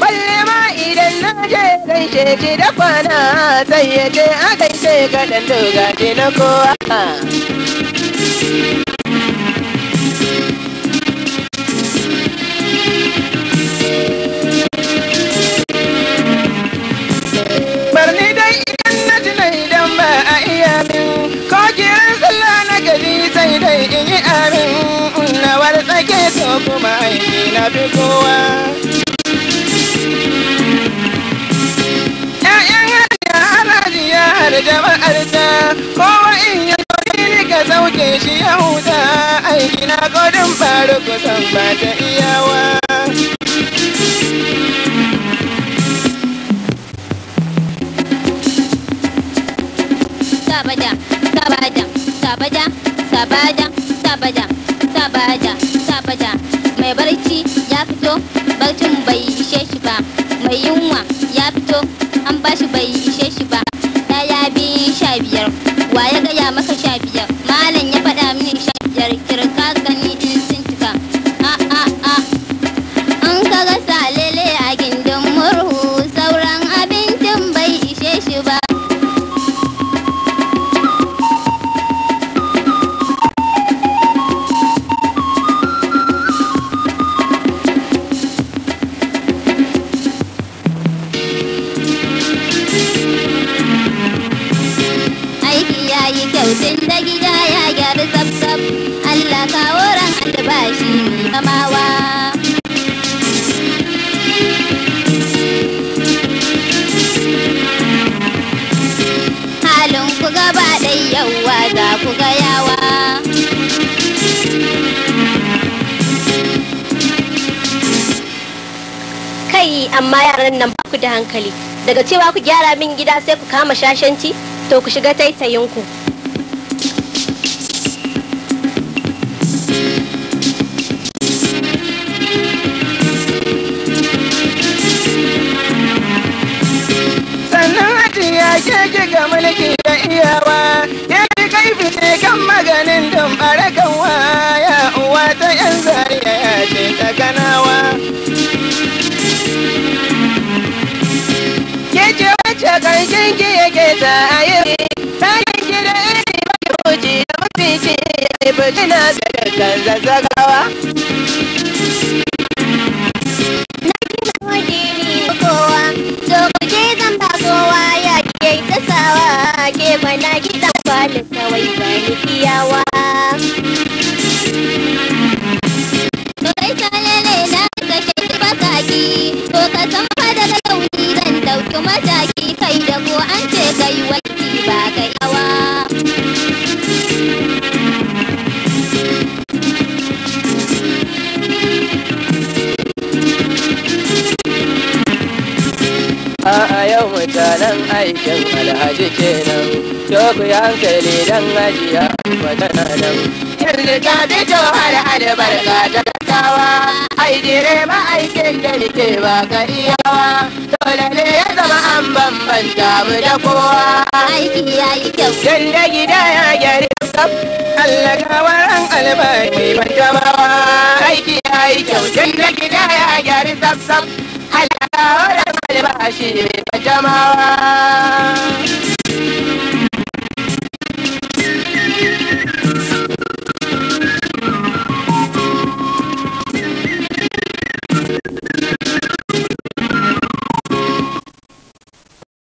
balle ma idan na je gaishe ki da kwana sai ya ce a gaishe ka dan doga na kowa Barni dai idan na ji na ba a iya min ko kiran sallah na gari sai dai in yi amin na wartsake so kuma aiki na fi kowa. jama'arsa kowa in ya dole ka sauke shi ya huta aiki na godin faru kusan ba ta iyawa Sabaja, sabaja sabaja, sabaja, sabaja, sabaja, sabaja, mai barci ya fito, barcin bai ishe shi ba, mai yunwa ya fito, an bashi bai ishe shi ba, Why are they ya gaya halin ku gaba za ku ga kai amma yaran nan ba ku da hankali daga cewa ku gyara min gida sai ku kama shashanci to ku shiga taitayinku kika mulki da iyawa ya ji kaifi ne kan maganin don barakanwa ya uwa ta yan zariya ya ce ta kanawa ke ce wacce karshen ki yake ta ayi ta yanki da iri mafi da mafi ce ya yi bujina da A'a yau mutanen aikin alhaji kenan, to ku yi hankali don ajiya matana nan. Kirga da johar adabar ga kawa? ai dire ma'aikin da nike ba ka iyawa, dole ne ya zama an bambanta mu da kowa. Aiki ya yi kyau. da gida ya gyari sab, Allah an albaki ban jamawa. Aiki ya yi kyau, da gida ya gyari sab sab. ba shi bajamawa.